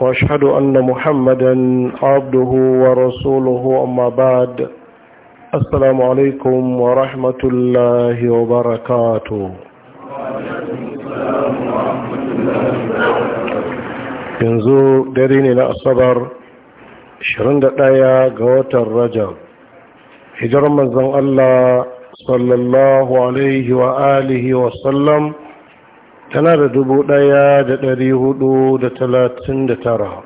واشهد ان محمدا عبده ورسوله اما بعد السلام عليكم ورحمه الله وبركاته yanzu dare ne na asabar 21 ga watan rajab hijirar manzon Allah sallallahu alaihi wa alihi wa sallam tana da dubu ɗaya da ɗari hudu da talatin da tara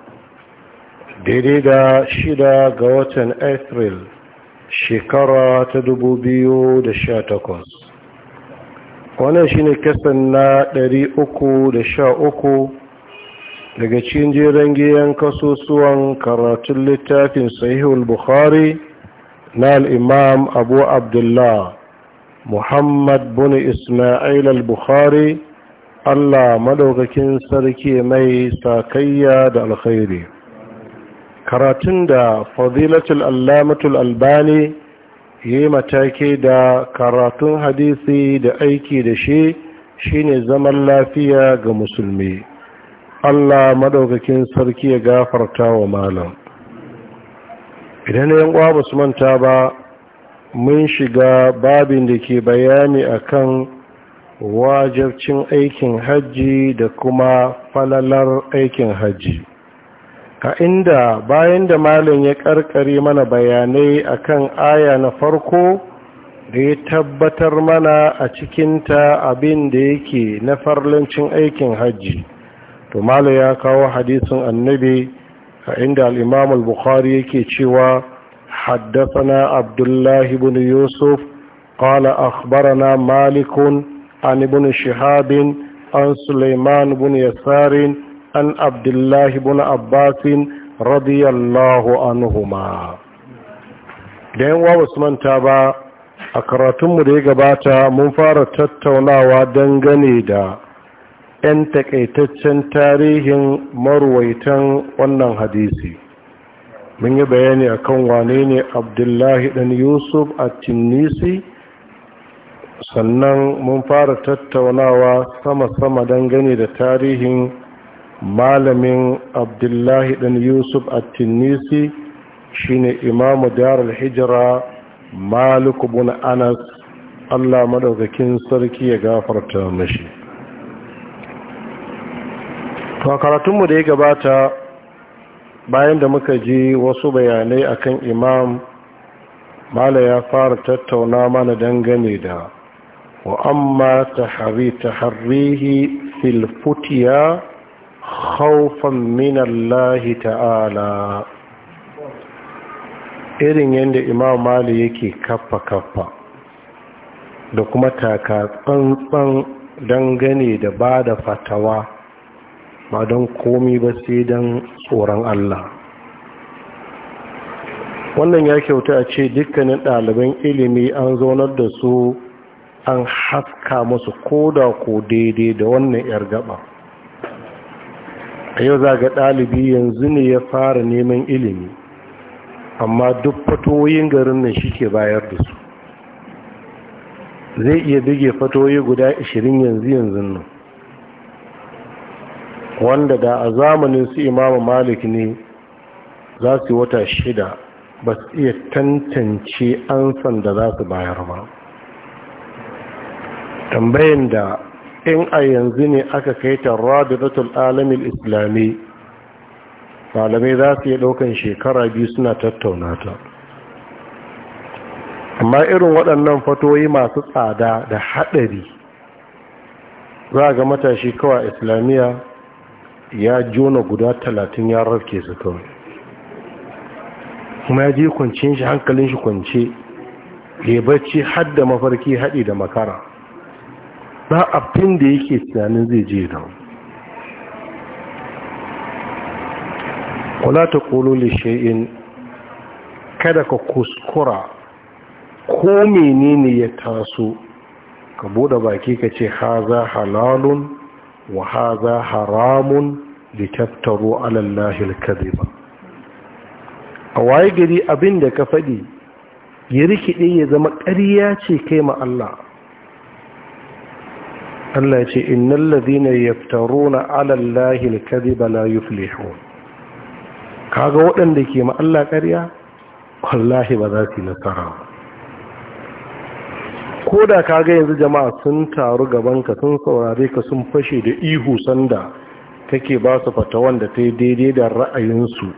daidai da shida ga watan april shekara ta dubu biyu da sha takwas wannan shine kasan na ɗari uku da sha uku daga cikin jeren giyan kasusuwan karatun littafin sahihul bukhari na al'imam abu abdullah muhammad bin ismail al-bukhari Allah madaukakin sarki mai sakayya da alkhairi karatun da fadilatul allamatul albani yi matake da karatun hadisi da aiki da shi shine zaman lafiya ga musulmi Allah madaukakin sarki ya gafarta wa malam idan yan uwa ba su manta ba mun shiga babin da ke bayani akan wajabcin aikin hajji da kuma falalar aikin hajji a inda bayan da malin ya karkare mana bayanai akan aya na farko da ya tabbatar mana a cikinta abin da yake na farlancin aikin hajji to malin ya kawo hadisin annabi a inda alimamul bukhari yake cewa haddasa na abdullahi bin yusuf قال أخبرنا malikun عن ابن شهاب عن سليمان بن يسار عن عبد الله بن عباس رضي الله عنهما da yan wawa su manta ba a karatunmu da ya gabata mun fara tattaunawa dangane da 'yan takaitaccen tarihin marwaitan wannan hadisi mun yi bayani akan wane ne abdullahi dan yusuf a tunisi sannan mun fara tattaunawa sama-sama dangane da tarihin malamin abdullahi ɗan yusuf a tunisi shine imamu darul hijira malik bin anas allah maɗaukakin sarki ya gafarta mashi to karatunmu da ya gabata bayan da muka ji wasu bayanai akan imam mala ya fara tattauna mana dangane da وأما تحري تحريه في الفتيا خوفا من الله تعالى irin yadda imam mali yake كفا كفا da kuma taka tsantsan dangane da bada fatawa ba don komi ba sai don tsoron Allah wannan ya kyauta a ce dukkanin ɗaliban ilimi an zaunar da su an haska musu koda ko daidai da wannan yar gaba a yau za ga ɗalibi yanzu ne ya fara neman ilimi amma duk fatoyin garin nan shi ke bayar da su zai iya bige fatoyi guda 20 yanzu yanzu nan wanda da a zamanin su imamu malik ne za su wata shida ba su iya tantance ansan da za su bayar ba tambayin da in a yanzu ne aka kai ta radidatul alamin islami malamai za su yi ɗaukan shekara biyu suna tattauna ta amma irin waɗannan fatoyi masu tsada da haɗari za ga matashi kawa islamiyya ya jona guda talatin yarar ke su kawai kuma ya je kwanci shi hankalin shi kwanci ya bacci hadda mafarki haɗi da makara ba abin da yake tunanin zai je da Kula ta kolo lishe'in kada ka kuskura ko menene ya taso ka bude baki ka ce haza halalun wa za haramun da taftaro alallahil ba. a waye gari abin da ka faɗi ya rikide ya zama ƙarya ce kai ma Allah Allah ya ce innal ladhina yaftaruna 'ala Allahi al-kadhiba la yuflihun kaga waɗanda ke ma Allah ƙarya wallahi ba za su yi nasara ko da kaga yanzu jama'a sun taru gaban ka sun saurare ka sun fashe da ihu sanda kake ba su fata wanda ta yi daidai da ra'ayinsu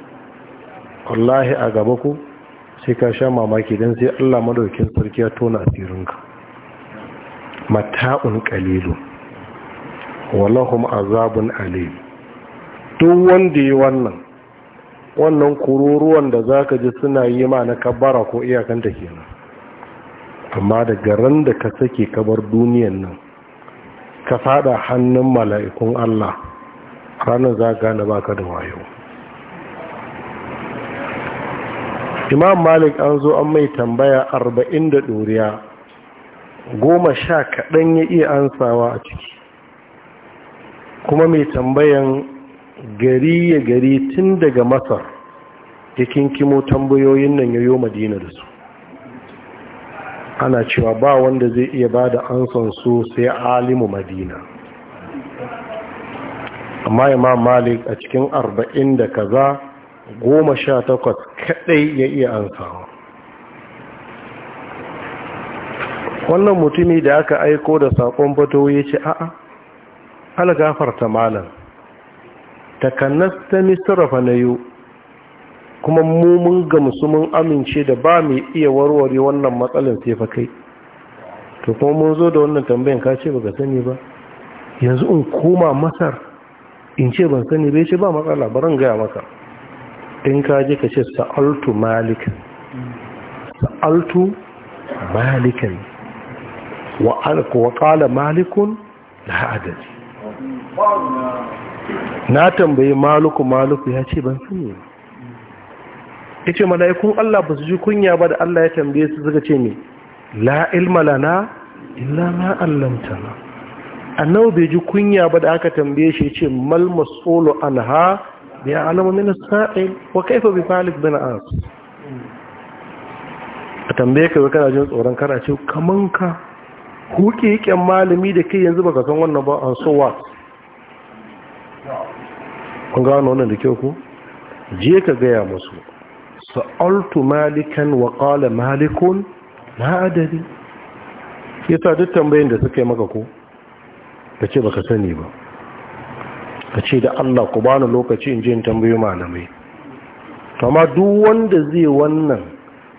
wallahi a gaba ku sai ka sha mamaki don sai Allah madaukin sarki ya tona asirinka mata'un ƙalilu. walahum azabun alim duk wanda yi wannan wannan kururuwan da za ka ji suna yi ma na kabara ko iyakanta kenan amma da ran da ka sake kabar duniyan nan ka fada hannun mala'ikun Allah ranar za ka gane baka da wayo imam malik an zo an mai tambaya arba'in da ɗoriya goma sha kaɗan ya iya ansawa a ciki kuma mai tambayan gari ya gari tun daga masar ya kinkimo tambayoyin nan yayo madina da su ana cewa ba wanda zai iya ba da ansan su sai alimu madina amma imam malik a cikin arba'in da kaza goma sha takwas kadai ya iya ansawa wannan mutumi da aka aiko da sakon ya ce a'a algafarta malam takannas ta misrafa na yau kuma mu mun gamsu mun amince da ba mu iya warware wannan matsalin sai fa kai to kuma mun zo da wannan tambayan ka ce baka sani ba yanzu in koma masar in ce ban sani bai ce ba matsala baran gaya maka in ka je ka ce sa'altu malik sa'altu malikan wa alku wa qala malikun la adadi na tambayi maluku maluku ya ce ban sani ya ce mala'ikun Allah ba su ji kunya ba da Allah ya tambaye su suka ce ne la ilma lana illa ma allamtana annabi bai ji kunya ba da aka tambaye shi ya ce mal masulu anha ya alama mina sa'il wa kaifa bi falik bin as a tambaye ka kana jin tsoron kana ce kaman ka huke yaken malami da kai yanzu baka san wannan ba an so what kun gano wannan da kyau ku je ka gaya musu sa'altu malikan wa qala malikun na adari sa duk tambayin da suka yi maka ko ka ce ba ka sani ba ka ce da Allah ku bani lokaci in je in tambayi malamai amma duk wanda zai wannan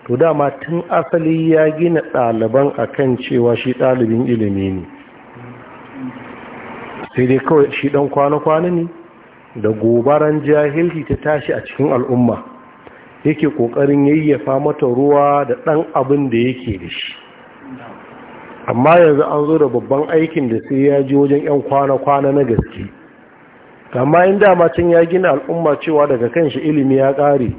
to dama tun asali ya gina ɗaliban kan cewa shi ɗalibin ilimi ne sai dai kawai shi ɗan kwana-kwana ne da gobaran jahilci ta tashi a cikin al'umma yake kokarin yayyafa mata ruwa da ɗan abin da yake da shi amma yanzu an zo da babban aikin da sai ya ji wajen 'yan kwana-kwana na gaske amma yin dama ya gina al'umma cewa daga kan shi ilimi ya ƙare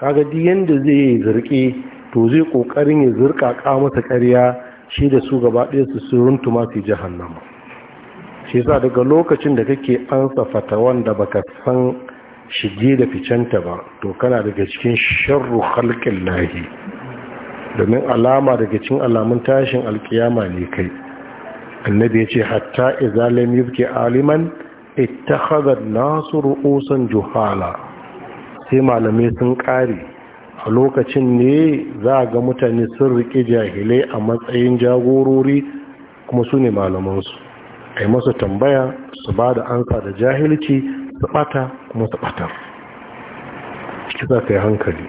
kaga di yanda zai yi zirƙe to zai ƙoƙarin ya zirƙaƙa masa ƙarya shi da su gaba ɗaya su surun tumati jahannama shi sa daga lokacin da kake ansa fatawan da baka san shige da ficenta ba to kana daga cikin sharru halkin lahi domin alama daga cikin alamun tashin alkiyama ne kai annabi ya ce hatta izalim yuke aliman ittakhadha nasu ru'usan juhala sai malamai sun kare a lokacin ne za a ga mutane sun riƙe jahilai a matsayin jagorori kuma su ne malamansu a yi tambaya su ba da ansa da jahilci su bata kuma su batar kisa kai hankali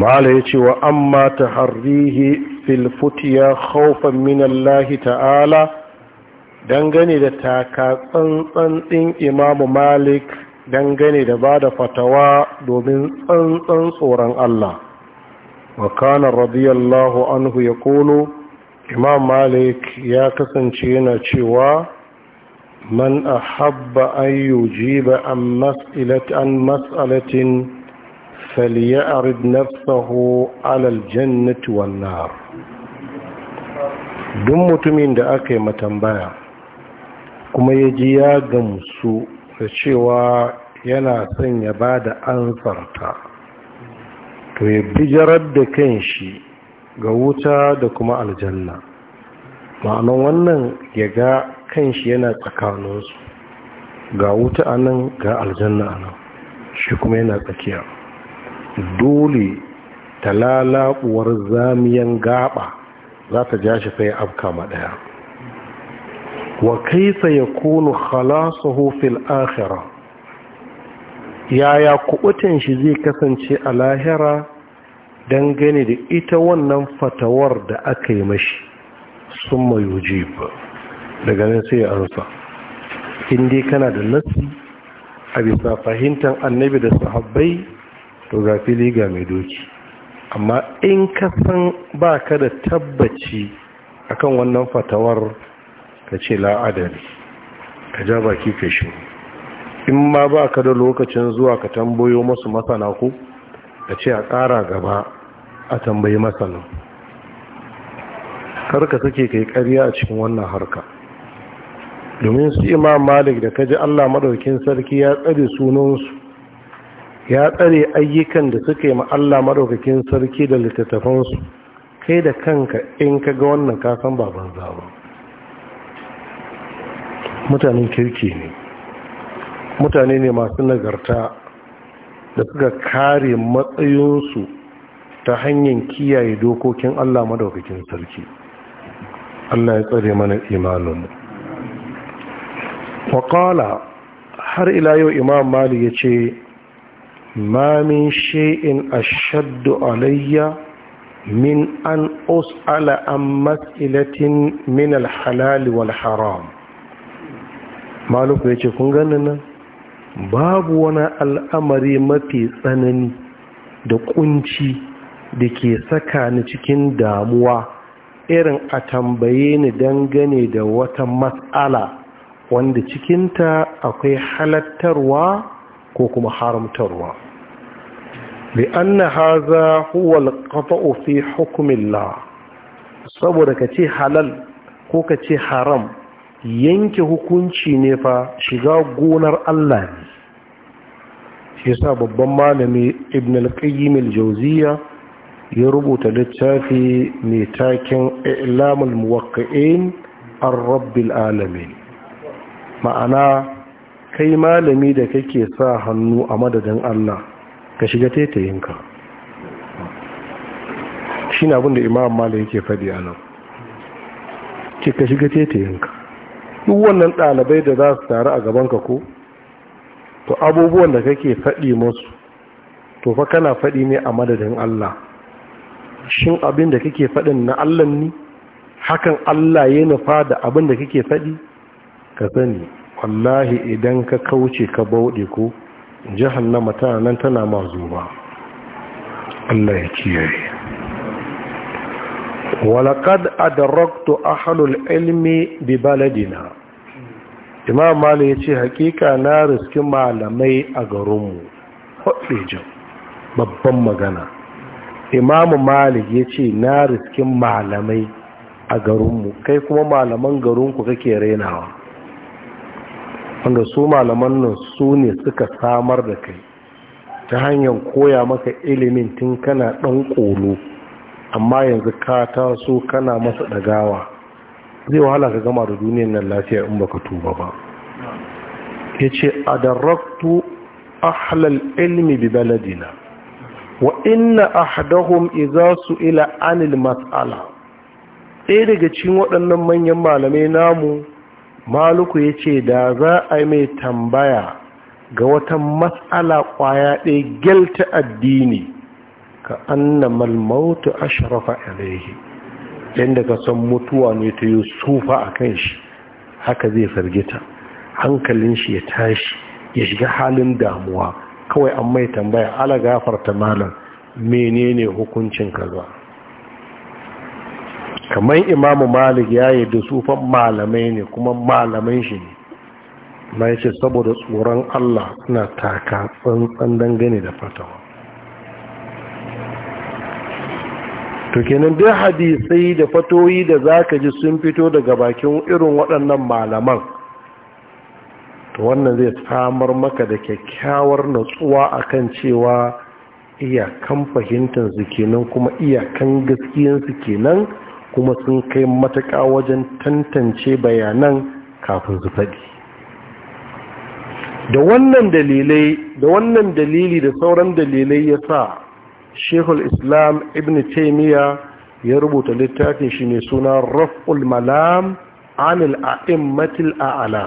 mala ya ce wa amma ta harrihi filfutiya haufan minallahi ta'ala dangane da taka tsantsan ɗin imamu malik dangane da ba da fatawa domin tsantsan tsoron allah wa kanar radiyallahu anhu ya kolo imam malik ya kasance yana cewa man habba an yujiba an mas'alat an mas'alatin falyarid nafsahu ala aljannati na nar duk mutumin da aka yi matambaya kuma ya ji ya gamsu da cewa yana son ya ba da ansarta to ya bijirar da kanshi ga wuta da kuma aljanna ma'anon wannan ya ga shi yana tsakaninsu ga wuta anan ga aljanna a nan shi kuma yana tsakiya dole ta zamiyan gaba za ta ja shi sai afka ma ɗaya wa ya kunu khalasuhu fil akhirah yaya kubutan shi zai kasance a lahira dangane da ita wannan fatawar da aka yi mashi sun mayu jiba daga nan sai ansa in dai kana da nasi a bisa fahimtar annabi da sahabbai to ga fili ga mai doki amma in ka san ba ka da tabbaci akan wannan fatawar ka ce la'adari ka ja baki ka in ma ba ka da lokacin zuwa ka tambayo masu masana ku ka ce a ƙara gaba a tambayi masanin karka suke kai karya a cikin wannan harka domin su imam malik da kaji allah maɗaukin sarki ya tsare sunansu ya tsare ayyukan da suke ma allah maɗaukakin sarki da littattafansu kai da kanka in ka ga wannan kasan baban zaba mutanen kirki ne mutane ne masu nagarta da suka kare matsayinsu ta hanyar kiyaye dokokin Allah madaukakin sarki Allah ya tsare mana imaninmu Wakala, har ila yau imam mali ya ce ma mamin she'in ashaddu alayya min an ala an mas'ilatin min alhalali wal haram maluku ya ce kun gani nan babu wani al'amari mafi tsanani da ƙunci. da ke saka ni cikin damuwa irin a tambaye ni dangane da wata matsala wanda cikinta akwai halattarwa ko kuma haramtarwa li'anna haza huwa alqata'u fi hukmillah saboda ka ce halal ko ka ce haram yanke hukunci ne fa shiga gonar Allah ne shi yasa babban malami ibn al-qayyim al ya rubuta littafi mai taken ilamul muwakka'in an rabbil alamin ma'ana kai malami da kake sa hannu a madadin Allah ka shiga taitayinka shi na abinda imam malam yake faɗi a nan ce ka shiga taitayinka duk wannan ɗalibai da za su taru a gabanka ko to abubuwan da kake faɗi musu to fa kana faɗi ne a madadin Allah shin abin da kake faɗin na Allah ne hakan Allah ya nufa da abin da kake faɗi ka sani wallahi idan ka kauce ka bauɗe ko jahannama tana nan tana ba. Allah ya kiyaye walaqad adraktu ahlul ilmi bi baladina imam mali ce hakika na riskin malamai a garinmu hoɗe babban magana imamu malik ya ce na riskin malamai a garinmu kai kuma malaman garinku kake rainawa, wanda su malaman nan su ne suka samar da kai ta hanyar koya maka ilimin tun kana ɗan ƙolo amma yanzu ka taso kana masa ɗagawa zai wahala ka gama da duniyan nan lafiya in baka tuba ba ya ce a darraktu ahlal ilmi bi baladina wa inna ahdahum idza su'ila anil mas'ala ɗaya daga cikin waɗannan manyan malamai namu maluku yace da za a mai tambaya ga wata masala ƙwaya ɗaya gelta addini ka annamal maut ashrafa alaihi dan ka san mutuwa ne ta yusufa akan a kan shi haka zai fargita, hankalin shi ya tashi ya shiga halin damuwa kawai an mai tambaya ala gafarta malam menene hukuncin kaza kamar imamu malik ya yi da sufan malamai ne kuma malamai shi ne ma ce saboda tsoron allah suna taka tsantsan dangane da fatawa to kenan dai hadisai da fatoyi da zaka ji sun fito daga bakin irin waɗannan malaman to wannan zai samar maka da kyakkyawar natsuwa akan cewa iyakan fahimtansu kenan kuma iyakan gaskiyansu kenan kuma sun kai mataka wajen tantance bayanan kafin su faɗi da wannan dalilai da wannan dalili da sauran dalilai ya sa shekul islam ibn taimiyya ya rubuta littafin shi ne suna raf'ul malam anil a'immatil a'ala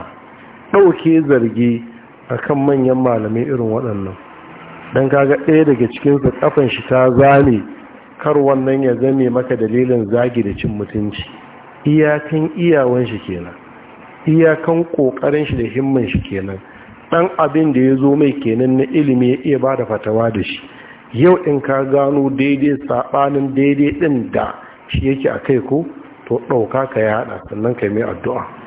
ɗauke zargi a kan manyan malamai irin waɗannan don kaga ɗaya daga cikinsu ƙafan shi ta zame kar wannan ya zame maka dalilin zagi da cin mutunci iyakan iyawan shi kenan iyakan ƙoƙarin shi da himman shi kenan ɗan abin da ya zo mai kenan na ilimi ya iya ba da fatawa da shi yau in ka gano daidai saɓanin daidai ɗin da shi yake a kai ko to ɗauka ka yaɗa sannan ka mai addu'a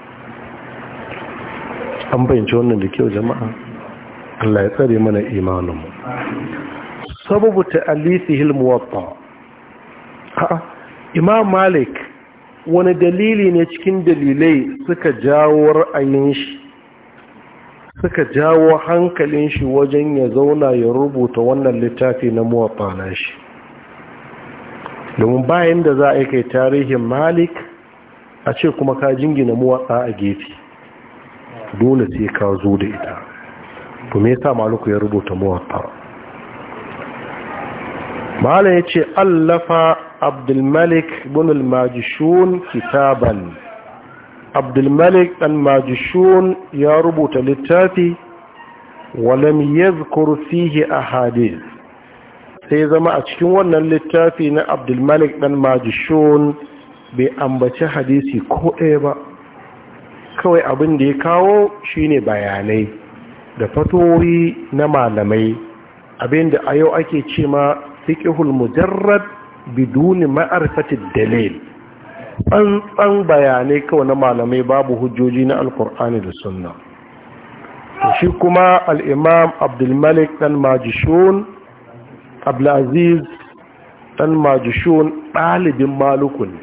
an bayyance wannan da kyau jama'a Allah ya tsare mana imaninmu sababu ta'alisihil muwatta a'a imam malik wani dalili ne cikin dalilai suka jawo ra'ayin shi suka jawo hankalin shi wajen ya zauna ya rubuta wannan littafi na muwatta na shi domin bayan da za a yi kai tarihin malik a ce kuma ka jingina muwatta a gefe dole sai ka zo da ita to me yasa maliku ya rubuta muwatta mala yace allafa Abdulmalik malik ibn al majishun kitaban Abdulmalik malik dan majishun ya rubuta littafi walam yadhkur fihi ahadith sai zama a cikin wannan littafi na Abdulmalik malik dan majishun bai ambaci hadisi ko ɗaya ba kawai abin da ya kawo shine bayanai da fatori na malamai abin da a yau ake ce ma fiƙihul mujarrad biduni ma'arfatid dalil tsantsan bayanai kawai na malamai babu hujjoji na alkur'ani da sunna shi kuma al'imam abdulmalik ɗan majishun abdulaziz ɗan majishun ɗalibin maluku ne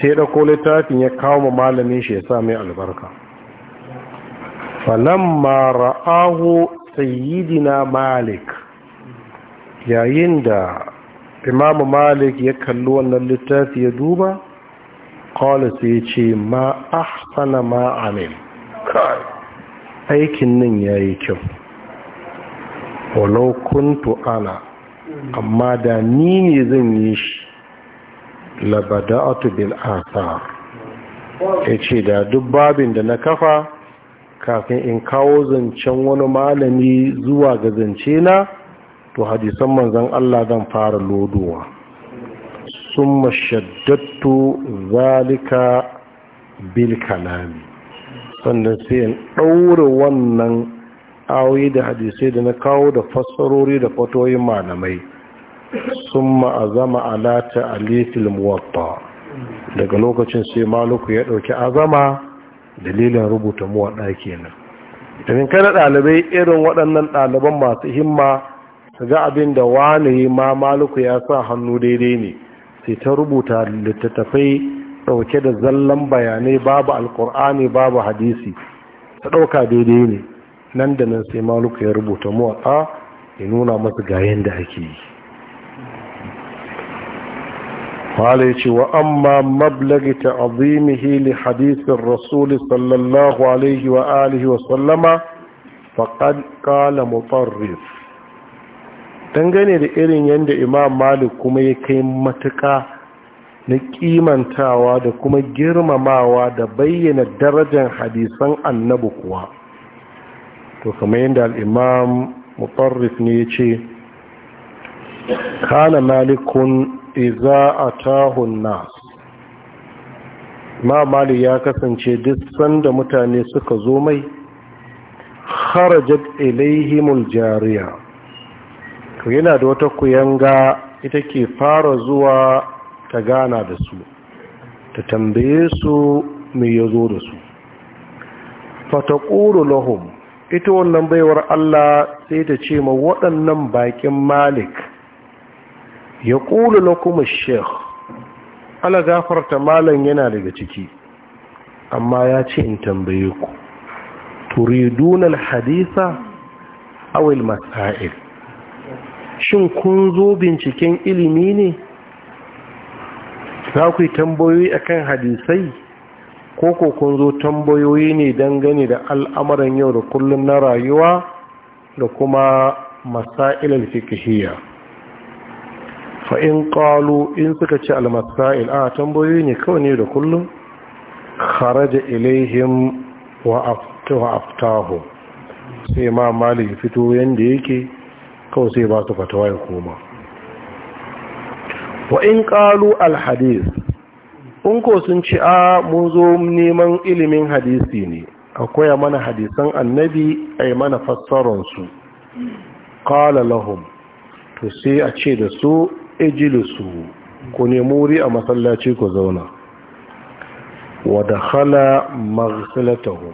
sai da ko littafin ya kawo ma malamin shi ya sa mai albarka falamma ra'ahu sayyidina malik yayin da imamu malik ya kalli wannan littafi ya duba kawai sai ce ma ahsana ma amin. aikin nan ya yi kyau olokuntu ana amma da ni ne zan yi shi labada'atu bil ya yace da duk babin da na kafa kafin in kawo zancen wani malami zuwa ga zance na to hadisan manzon Allah zan fara lodowa Sun mashaddattu zalika bil kalami sannan sai in ɗaure wannan awoyi da hadisai da na kawo da fassarori da fatoyin malamai sun ma'azama ala ta'alifil muwatta daga lokacin sai maluku ya ɗauki azama dalilin rubuta muwaɗa kenan domin kada ɗalibai irin waɗannan ɗaliban masu himma su ga abin da wani ma maluku ya sa hannu daidai ne sai ta rubuta littattafai ɗauke da zallan bayanai babu alkur'ani babu hadisi ta ɗauka daidai ne nan da nan sai maluku ya rubuta muwaɗa ya nuna masu gayen da ake yi قال وأما مبلغ تعظيمه لحديث الرسول صلى الله عليه وآله وسلم فقد قال مطرف dangane da irin yadda imam malik kuma ya kai matuka na kimantawa da kuma girmamawa da bayyana darajar hadisan annabi kuwa to kamar yadda al'imam mutarrif ne ya ce kana malikun iza a tahun nas ma mali ya kasance duk sanda mutane suka zo mai harajat ilaihimul jariya to yana da wata kuyanga ita ke fara zuwa ta gana da su ta tambaye su mai ya zo da su fataƙuru lahum ita wannan baiwar Allah sai ta ce ma waɗannan baƙin malik ya ƙulu na kuma sheikh ala gafarta malam yana daga ciki amma ya ce in tambaye ku turidunan haditha awil masail shin kun zo binciken ilimi ne za ku yi tambayoyi akan hadisai ko ko kun zo tambayoyi ne dangane da al'amuran yau da kullum na rayuwa da kuma masailar fikihiyya fa in qalu in suka ce almasail a tambayoyi ne kawai ne da kullum kharaja ilaihim wa aftahu sai ma mali fito yanda yake kawai sai ba su fatawa ya koma wa in qalu alhadis, un ko sun ce a mun zo neman ilimin hadisi ne akwai mana hadisan annabi ai mana fassararsu qala lahum to sai a ce da su ijilisu ku nemi wuri a masallaci ku zauna wa hala maghsilatahu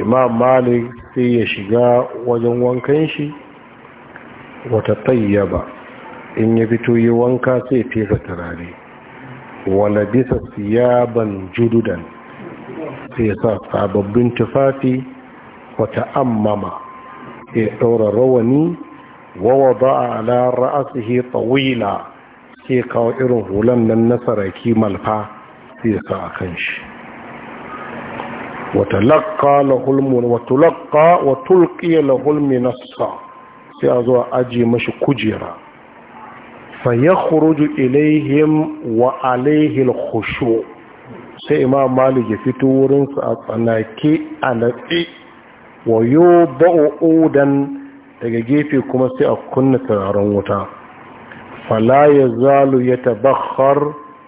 imam malik sai ya shiga wajen wankan shi wata tayyaba in ya fito yi wanka sai fesa turare wala bisa siyaban jududan sai sa sababbin tufafi wata ammama sai ɗaura rawani ووضع على رأسه طويلة في قائره لم النصر كيما الفا في ساقنش وتلقى له المن وتلقى وتلقي له المنصة في أزوى أجي مش كجرة فيخرج إليهم وعليه الخشوع سي إمام مالي يفتورن سأطناكي على ويوضع أودا daga gefe kuma sai a kunna tararen wuta fala ya zalu ya tabakhar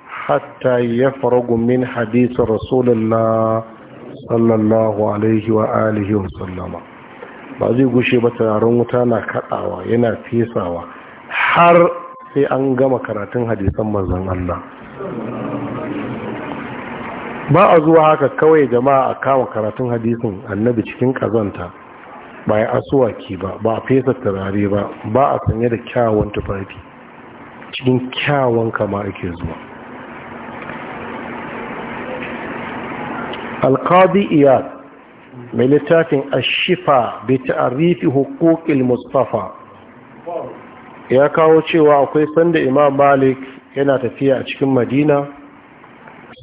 hatta ya fara min hadisun rasulullah sallallahu alaihi wa alihi wa sallama ba zai gushe ba tararen wuta na kadawa yana fesawa har sai an gama karatun hadisan manzan Allah ba a zuwa haka kawai jama'a a kama karatun hadisin annabi cikin kazanta ba ya asuwaki ba ba a fesa turare ba ba a sanye da kyawun tufafi cikin kyawun kama ake zuwa alkadi iyad mai littafin ashifa bai ta'arifi hukukil mustafa ya kawo cewa akwai sanda imam malik yana tafiya a cikin madina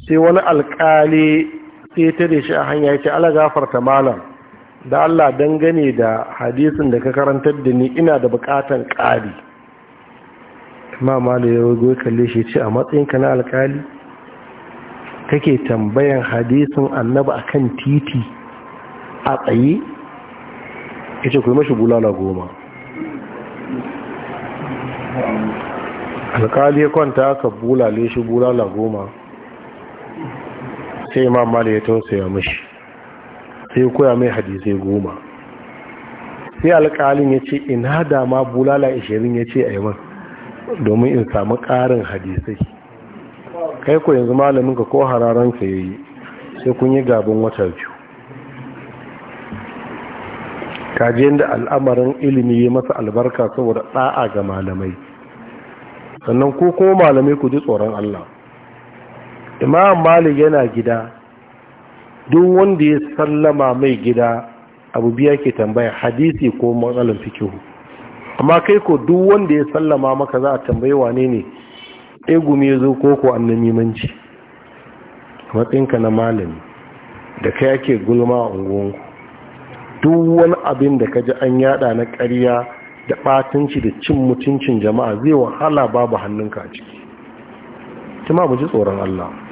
sai wani alkali sai ta da shi a hanya yake ala gafarta malam da Allah dangane da hadisin da ka karantar da ni ina da bukatan ƙari imam da ya goyi kalle shi ce a matsayinka na alkali kake tambayan hadisin a akan titi a tsaye ce ku shi bulala goma alkali ya kwanta aka bulale shi bulala goma sai imam da ya tausaya mashi sai koya mai hadisai goma sai alƙalin ya ce ina dama bulala ishirin ya ce a domin in samu ƙarin hadisai kai ko yanzu malamin ka ko hararanka ya yi sai kun yi gabin wata biyu kaji yadda al'amarin ilimi ya masa albarka saboda ɗa'a ga malamai sannan ko kuma malamai ku ji tsoron Allah imam malik yana gida duk wanda ya sallama mai gida abu biya ke tambaya hadisi ko matsalar fikihu amma kai ko duk wanda ya sallama maka za a tambaye wane ne egumi ya zo ko ko annamimanci matsinka na malami da kai ake gulma a unguwanku duk wani abin da ka ji an yada na karya da ɓatanci da cin mutuncin jama'a zai wahala babu hannunka a ciki tuma mu ji tsoron Allah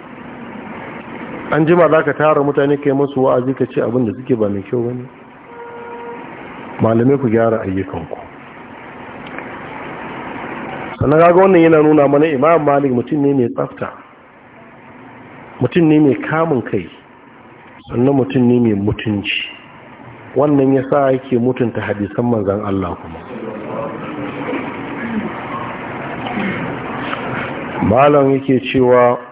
an jima za ka tara mutane yi masu wa'azi ka ce abinda suke ba mai kyau wani malamai ku gyara ayyukanku sannan kaga wannan yana nuna mana imam malik mutum ne mai tsafta mutum ne mai kamun kai sannan mutum ne mai mutunci wannan ya sa yake mutunta hadisan manzan Allah kuma malam yake cewa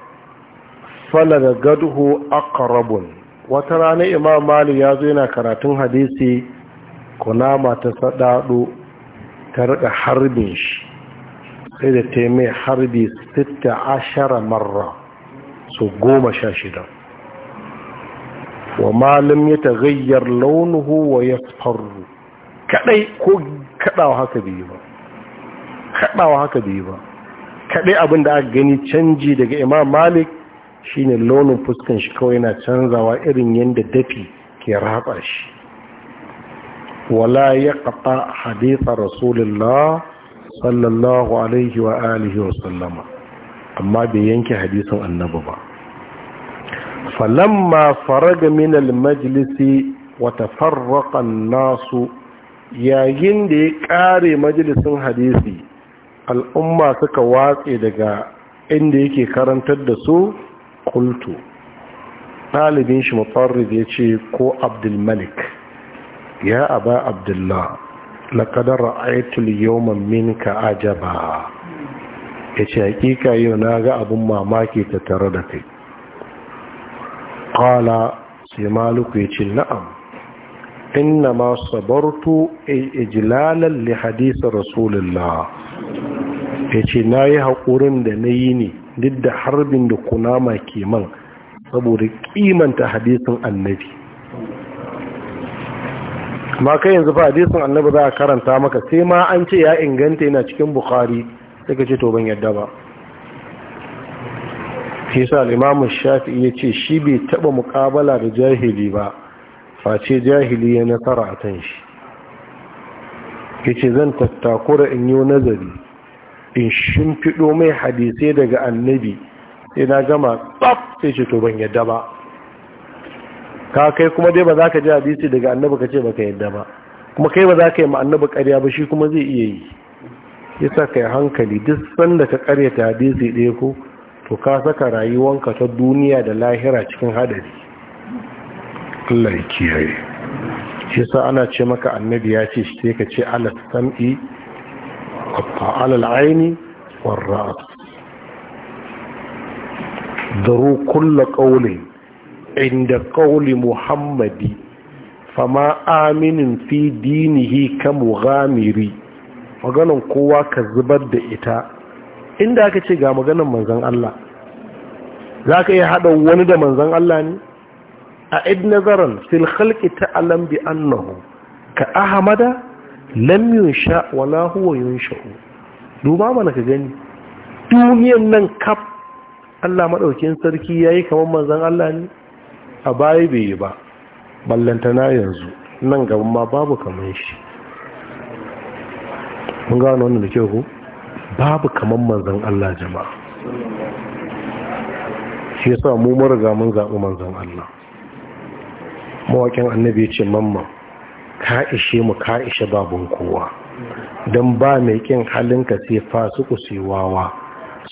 falaga gadhu aqrabun wata rana imam mali ya zo yana karatun hadisi kunama ta sadadu ta rika harbin shi sai da ta mai harbi 16 marra su goma sha shida wa malam ya tagayyar launuhu wa ya faru kadai ko kadawa haka biyu ba kadawa haka biyu ba kadai abin da aka gani canji daga imam malik shine launin fuskan shi kawai na canzawa irin yadda dafi ke raba shi wala ya kafa haditha rasulullah sallallahu alaihi wa alihi wa sallama amma bai yanke hadisin annabi ba falamma faraga min almajlisi wa tafarraqa an-nasu yayin da ya kare Majlisin hadisi al'umma suka watse daga inda yake karantar da su kultu ɗalibin shi mutarrif ya ce ko abdulmalik ya aba abdullah laƙadar ra'aitul yawman minka ajaba ya ce hakika yau na ga abin mamaki ta tare da kai ƙala sai maluku ya ce na'am inna ma sabartu ijlalan li hadisar rasulullah ya ce na yi haƙurin da na yi ne duk da harbin da kunama ke man saboda kimanta hadisin annabi ma kai yanzu fa hadisin annabi za a karanta maka sai ma an ce ya inganta yana cikin bukari sai ka ce to ban yadda ba shi sa al-imam shafi'i ya ce shi bai taba muƙabala da jahili ba face jahili ya nasara a kan shi yace zan tattakura in yi nazari in shimfiɗo mai hadisai daga annabi sai na gama tsaf sai ce to ban yadda ba ka kai kuma dai ba za ka ji hadisi daga annabi ka ce ba ka yadda ba kuma kai ba za ka yi ma annabi karya ba shi kuma zai iya yi yasa ka yi hankali duk sanda ka ta hadisi ɗaya ko to ka saka rayuwanka ta duniya da lahira cikin hadari Allah ya kiyaye yasa ana ce maka annabi ya ce sai ka ce ala sam'i al aini والرأس ذروا كل قول عند قول محمد فما آمن في دينه كمغامر maganan kowa ka zubar da ita inda aka ce ga maganan manzan Allah za ka iya haɗa wani da manzan Allah ne a id nazaran fil khalqi ta'lam bi annahu ka ahmada lam yunsha wala huwa yunsha'u duba mana ka gani duniyan nan kaf Allah madaukin sarki yayi kamar manzon Allah ne a baya bai yi ba na yanzu nan gaban ma babu kamar shi mun gano wannan da kyau babu kamar manzon Allah jama'a shi yasa mu mun riga mun zaɓi manzon Allah mawakin annabi ya ce mamman ka ishe mu ka ishe babun kowa don ba mai kin halinka sai fasu sai wawa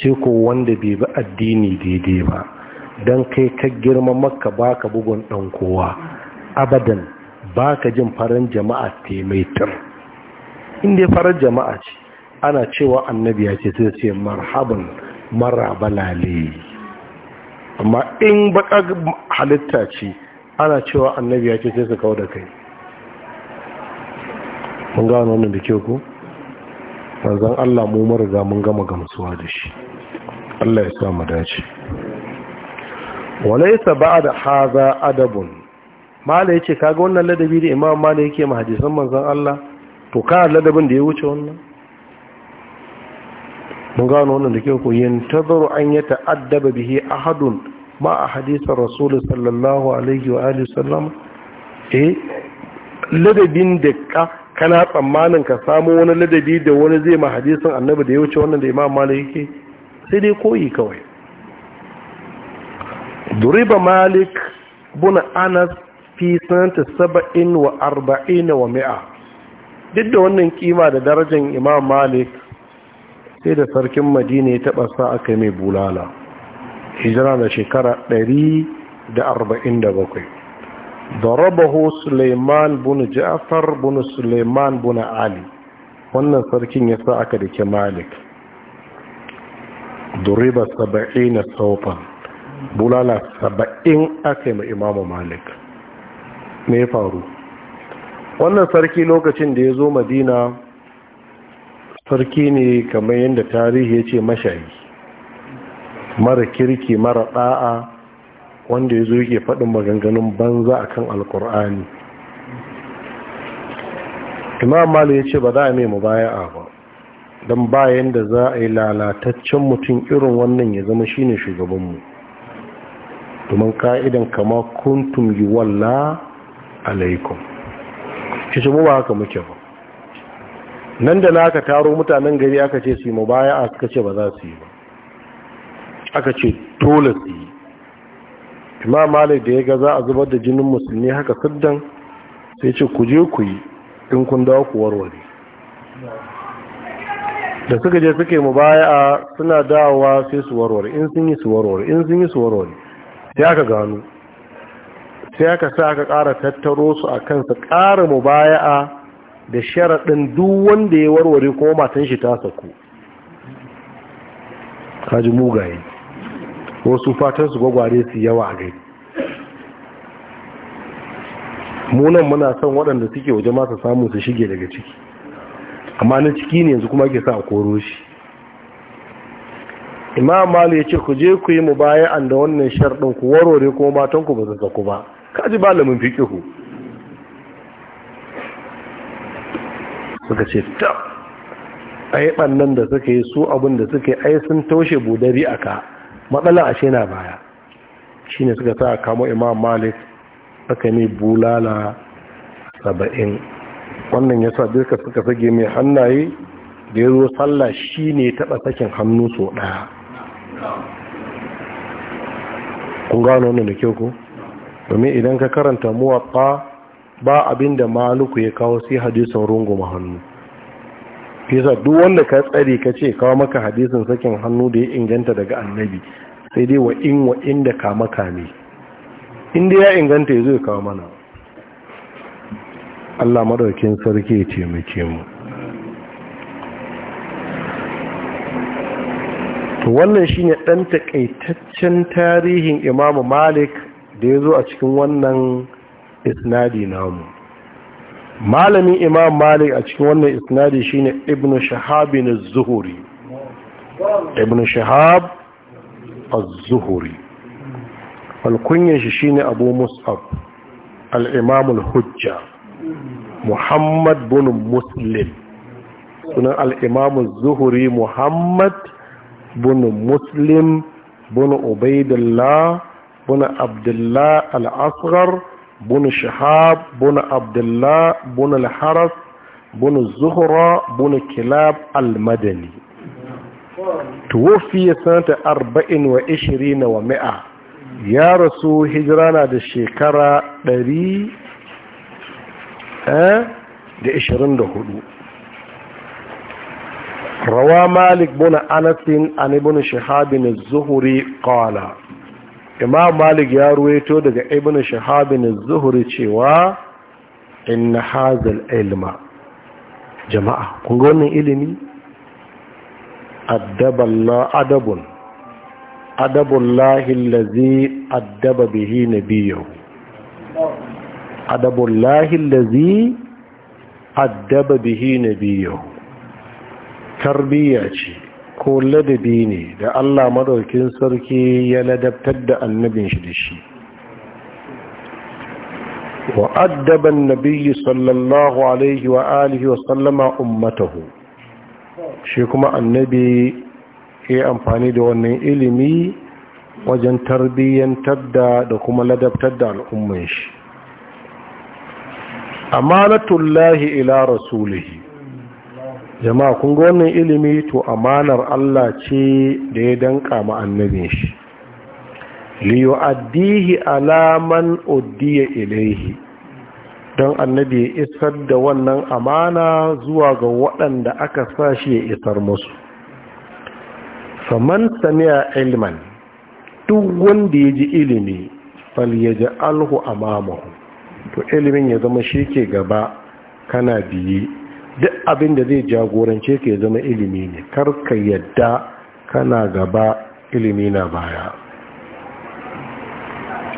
sai ko wanda bai bi addini daidai ba don kai ka girma maka ba ka bugun ɗan kowa abadan ba ka jin farin jama'a taimaitar inda farin jama'a ce ana cewa annabi ya ce sai ce marhaban balale amma in baka halitta ce ana cewa annabi ya ce sai su kawo da kai mun gano wannan da ke ku manzon Allah mu mariga mun gama gamsuwa da shi Allah ya sa mu dace ba da haza adabun mala yake kaga wannan ladabi da imam mala yake ma hadisan manzan Allah to ka ladabin da ya wuce wannan mun gano wannan da ke kyau ko yantazaru an ta'addaba bihi ahadun ma a hadisar rasul sallallahu alaihi wa alihi sallam eh ladabin da ka kana tsammanin ka samu wani ladabi da wani zai ma hadisin annabi da ya wuce wannan da imam malik yake sai dai koyi kawai duriba malik buna anas fi sanata saba'in wa arba'in wa mi'a duk da wannan kima da darajar imam malik sai da sarkin madina ya taɓa sa aka mai bulala hijira da shekara 147 ضربه suleiman bin ja'far bin suleiman bin ali wannan sarkin ya sa aka dake malik duriba na saufan bulala saba'in aka yi imamu malik me ya faru wannan sarki lokacin da ya zo madina sarki ne kamar yadda tarihi ya ce mashayi mara kirki mara ɗa'a wanda ya zo yake faɗin maganganun banza a kan alkur'ani imam malu ya ce ba za a mai mubaya'a ba don bayan da za a yi lalataccen mutum irin wannan ya zama shi shine shugabanmu domin ka'idan kama kuntum yi walla alaikum shi ce mu ba haka muke ba nan da na aka taro mutanen gari aka ce su yi mabaya suka ce ba za su yi ba aka ce dole su yi imam malik da ya ga za a zubar da jinin musulmi haka siddan sai ce ku je ku yi in kun dawo ku warware da suka je mu baya a suna dawowa sai su warware in sun yi su warware in sun yi su warware sai aka gano sai aka sa aka ƙara tattaro su a kansa ƙara mubaya'a da sharaɗin duk wanda ya warware kuma matan shi ta saku kaji mugaye wasu fatan su gwagware su yawa a gari munan muna son waɗanda suke waje masu samun su shige daga ciki amma na ciki ne yanzu kuma ke sa a koro shi imam malu ya ce ku je ku yi mu baya an da wannan sharɗin ku warware kuma matanku ba su zaku ba kaji fiƙi ku. suka ce ta ai ɓannan da suka yi su abin da suka yi ai sun taushe budari a ka matsala ashe na baya shi ne suka sa kamo imam malik aka ne bulala saba'in wannan ya sa duka suka sage mai hannaye da ya zo sallah shi ne taɓa sakin hannu so ɗaya kun gano wannan da kyau ku domin idan ka karanta muwaɓa ba abinda da maluku ya kawo sai hadisan runguma hannu fesa duk wanda ka tsare ka ce kawo maka hadisin sakin hannu da ya inganta daga annabi sai dai wa in wa inda ka maka ne inda ya inganta ya zo kawo mana Allah madaukin sarki ya taimake mu wannan shine ɗan takaitaccen tarihin Imam Malik da ya zo a cikin wannan isnadi namu malamin imam malik a cikin wannan isnadi shine ibn shahab az-zuhri ibn shahab az-zuhri alkunyan shi shine abu mus'ab al-imam al-hujja muhammad bin muslim sunan al-imam az-zuhri muhammad bin muslim bin ubaidillah bin abdullah al-asghar بن شهاب بن عبد الله بن الحرس بن الزهرة بن كلاب المدني توفي سنة أربع وعشرين ومئة يا رسول هجرانا دي شكرا دري أه؟ دا عشرين دا روى مالك بن أنس عن ابن شهاب الزهري قال imam malik ya ruwaito daga ibn shahabin zuhuri cewa inna hazal ilma jama'a kun ga wannan ilimi addaballah adabun adabullahi allazi addaba bihi nabiyahu adabullahi allazi addaba bihi nabiyahu tarbiyya ce ko ladabi ne da Allah madaukin sarki ya ladabtar da annabin shi da shi wa addaban nabiyyi sallallahu alaihi wa alihi wa sallama ummatahu shi kuma annabi ya amfani da wannan ilimi wajen tarbiyyantar da da kuma ladabtar da al'umman shi amalatullahi ila rasulihi jama'a kun ga wannan ilimi to amanar Allah ce da ya danka ma annabin shi li yu'addihi ala man uddiya ilayhi don annabi ya isar da wannan amana zuwa ga waɗanda aka sa shi ya isar musu Saman sami'a ilman duk wanda ya ji ilimi falyaji alhu amamahu to ilimin ya zama shi ke gaba kana biyi duk abin da zai jagorance ke zama ilimi ne kar ka yadda kana gaba ilimi na baya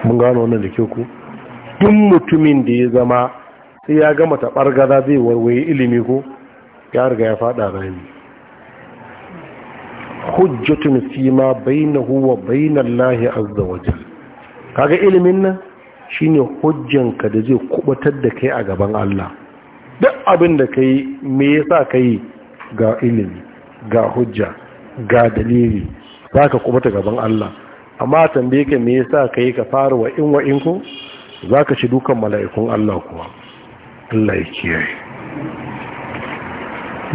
mun gano wannan da kyau ku duk mutumin da ya zama sai ya gama taɓar gaza zai warwaye ilimi ko ya riga ya faɗa rami hujjatun huwa huwa lahi bainallahi azza wajal kaga ilimin nan shine hujjanka da zai kubatar da kai a gaban Allah duk abin da ka yi me yasa ka yi ga ilimi ga hujja ga dalili za ka kubuta gaban Allah amma tambaye ka me yasa ka yi ka fara wa in wa ku za ka shi dukan mala'ikun Allah kuwa Allah ya kiyaye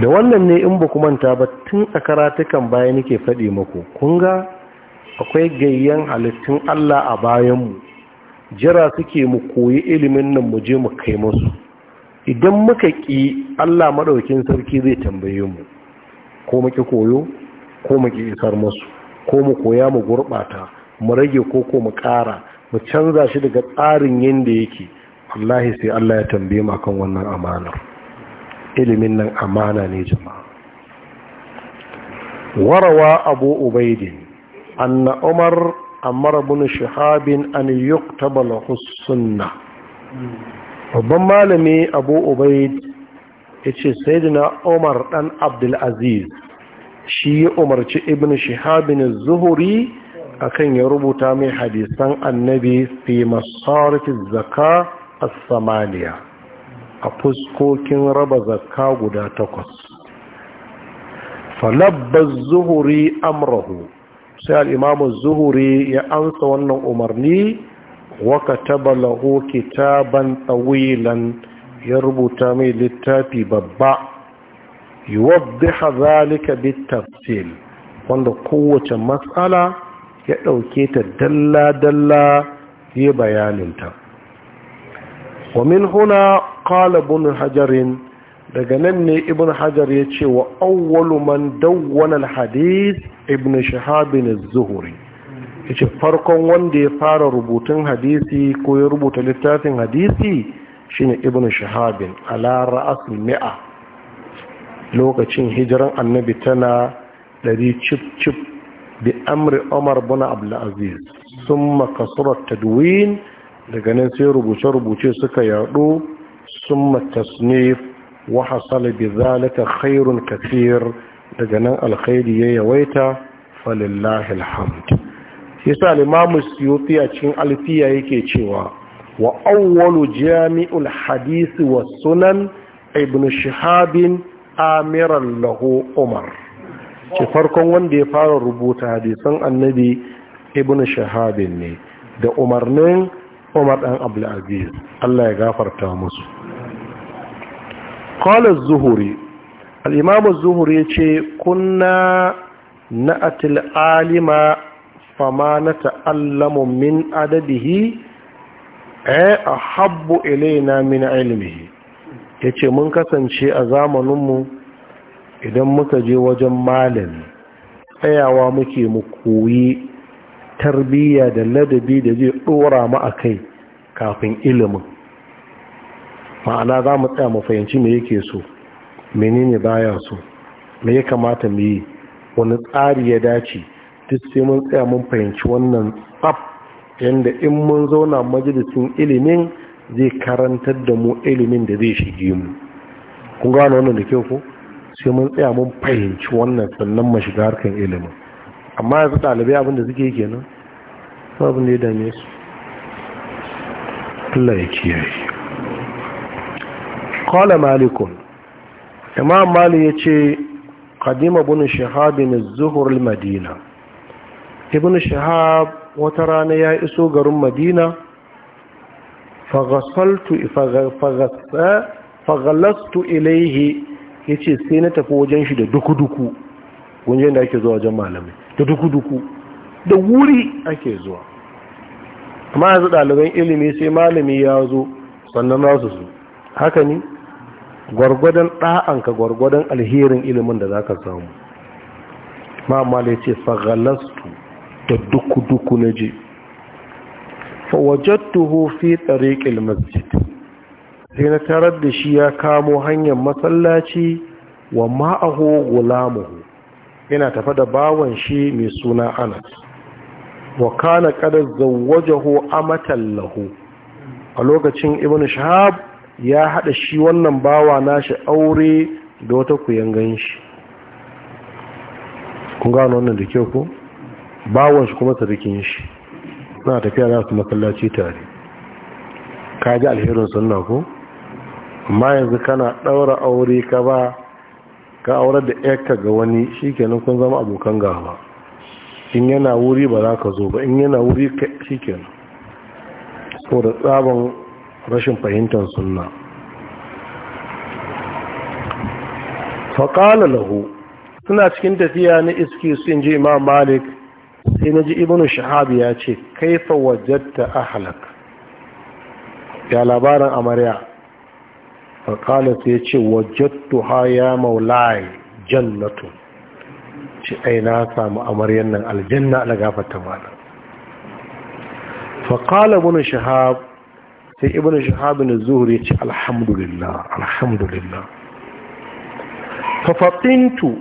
da wannan ne in ba ku manta ba tun a karatukan bayan nike faɗi maku, kun ga akwai gayyan halittun Allah a bayanmu jira suke mu koyi ilimin nan mu je mu kai musu idan muka ƙi Allah maɗaukin sarki zai tambaye mu ko muke koyo ko muke isar masu ko mu koya mu gurɓata mu rage ko ko mu ƙara mu canza shi daga tsarin yadda yake wallahi sai Allah ya tambaye mu akan wannan amanar ilimin nan amana ne jama'a warawa abu ubaidin anna umar amara bin shahabin an yuktaba lahu babban malami abu ubaid ya ce na umar dan abdulaziz shi ya umarci ibn shihabin zuhuri akan ya rubuta mai hadisan annabi fi masarifin zaka a samaniya a fuskokin raba zaka guda takwas falabbar zuhuri amrahu sai al'imamun zuhuri ya ansa wannan umarni waka tabalahu kitaban tsawilan ya rubuta mai littafi babba yuwaddiha zalika bitafsil wanda kowace matsala ya ɗauke ta dalla dalla yi bayaninta wa min huna qala ibn hajar daga nan ne ibn hajar ya ce wa awwalu man dawwana al hadith ibn shahab zuhri yace farkon wanda ya fara rubutun hadisi ko ya rubuta littafin hadisi shine ibnu shahabin ala ra'as mi'a lokacin hijiran annabi tana dari cip bi amri umar bin abdul aziz summa kasurat tadwin daga nan sai rubuce rubuce suka yadu summa tasnif wa hasala bi zalika khairun kathir daga nan alkhairi ya yawaita falillahi alhamd Yasa sa limamu siyuti a cikin alfiya yake cewa wa awwalu jami'ul hadisi wa sunan ibn shihabin amiran lahu umar ce farkon wanda ya fara rubuta hadisan annabi ibn shahabin ne da umarnin umar dan abdulaziz Allah ya gafarta musu qala az-zuhri al-imam az yace kunna na'atil alima fama na ta'allamu min adadihi a habbu ilaina min ilmihi ya ce mun kasance a zamaninmu idan muka je wajen malami tsayawa muke mu koyi tarbiyya da ladabi da zai ɗora mu a kai kafin ilimin ma'ana za mu tsaya mu fahimci me yake so menene baya so me ya kamata mu yi wani tsari ya dace duk sai mun tsaya mun fahimci wannan tsaf yadda in mun zauna majalisin ilimin zai karantar da mu ilimin da zai shige mu kun gano wannan da kyau ko sai mun tsaya mun fahimci wannan sannan mu shiga harkan ilimin amma yanzu ɗalibai abin da suke kenan abin da ya dame su Allah ya kiyaye qala malikun imam malik yace ce ibn shahab min madina ibn shahab wata rana ya iso garin madina faghallastu eh, ilaihi ya ce sai na tafi wajen shi da duku-duku wajen da ake zuwa wajen malamai da duku-duku da wuri ake zuwa amma yanzu ɗaliban ilimi sai malami ya zo sannan za su su haka ne gwargwadon ɗa'anka gwargwadon alherin ilimin da za ka samu ma'amma da ya ce da duku-duku na je fawajattuhu fi tsariƙil masjid sai na tarar da shi ya kamo hanyar masallaci wa ma'aho gulamuhu yana tafa da bawan shi mai suna anas wa kana kadar zawajahu amatan a lokacin ibn shahab ya haɗa shi wannan bawa nashi aure da wata kuyan ganshi. kun gano wannan da kyau ko? bawon shi kuma sadikin shi suna tafiya za su masallaci tare ka ji alherin sunna ko amma yanzu kana ɗaura aure ka ba ka aurar da yarka ga wani shikenan kun zama abokan gaba in yana wuri ba za ka zo ba in yana wuri shikenan da tsabon rashin fahimtar sunna faƙala lahu suna cikin tafiya na iski su in ji imam malik sai na ji ibn shahab ya ce kaifa wajadta ahlak ya labarin amarya faƙalar sai ce wajattu ha ya maulaye jannatu ce ai na samu amaryar nan aljanna na gafata mana faƙalar ibn shahab sai ibn shahab na zuhuri ce alhamdulillah alhamdulillah fafaɗintu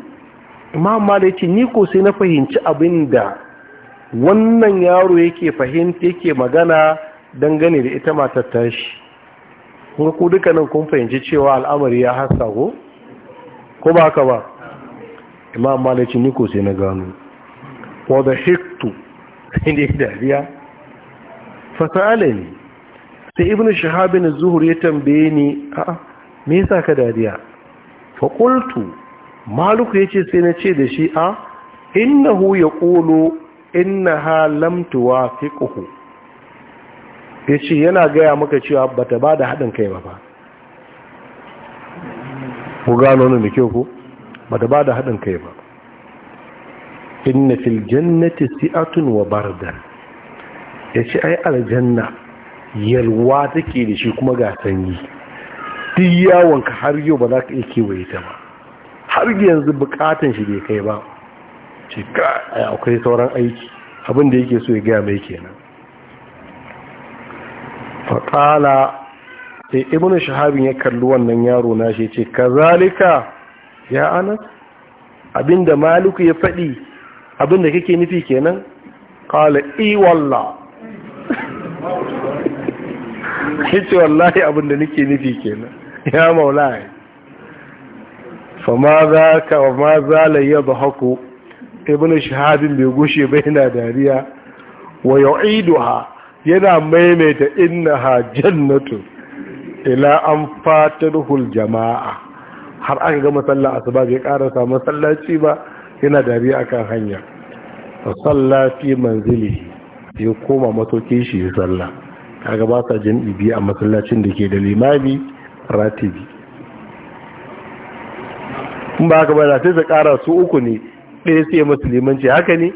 imam malik ni ko sai na fahimci abinda. wannan yaro yake fahimta yake magana dangane da ita matar tashi kuma ku dukkanin kun fahimci cewa al'amari ya hasa ko ko ba haka ba imam malaci ni ko sai na gano wadda hiktu inda ya dariya fasa'ala ne sai ibn shahabin zuhur ya tambaye ni a me yasa ka dariya fakultu maluku ya ce sai na ce da shi a innahu ya kolo. Inna fi lam tuwafiquhu yace yana gaya maka cewa bata bada hadin kai ba ba ku gano ne da kyau ko bata bada hadin kai ba inna fil jannati si'atun wa bardan yace ai aljanna yalwa take da shi kuma ga sanyi duk yawon ka har yau ba za ka iya kewaye ta ba har yanzu bukatan shi bai kai ba ce ka akwai sauran aiki abin da yake so ya gaya mai kenan Fatala. sai ibn shahabin ya kalli wannan yaro na shi ce kazalika ya anas abinda maliku ya faɗi abinda kake nufi kenan Kala iwalla ya ce wallahi abinda nake nufi kenan ya maulaye fa ma za ka wa ma zala ya haku ibn shahadin bai gushe ba yana dariya wa yu'iduha yana maimaita innaha jannatu ila an fatadhul jama'a har aka ga masalla asuba bai karasa masallaci ba yana dariya akan hanya fa salla fi manzilihi ya koma masaukin shi ya salla kaga ba sa biyu a masallacin da ke da limami ratibi in ba ka ba da sai kara su uku ne ɗaya sai masu haka ne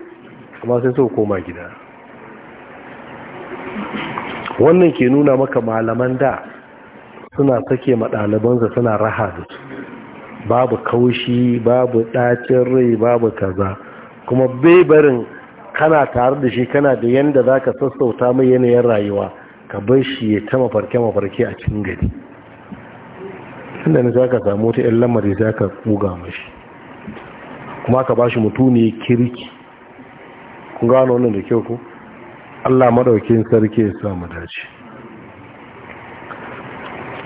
amma sai sau koma gida wannan ke nuna maka malaman da suna sake maɗalibansa suna raha da su babu kaushi babu ɗacin rai babu kaza kuma bai barin kana tare da shi kana da yadda za ka sassauta mai yanayin rayuwa ka bar shi ya ta mafarke-mafarke a cikin gari inda ne za ka samu wata 'yan lamari za ka buga mashi Kuma ka ba shi mutu ne kirki, ku gano nan da kyau ku? Allah maɗaukin sarki ya sa ma da ce.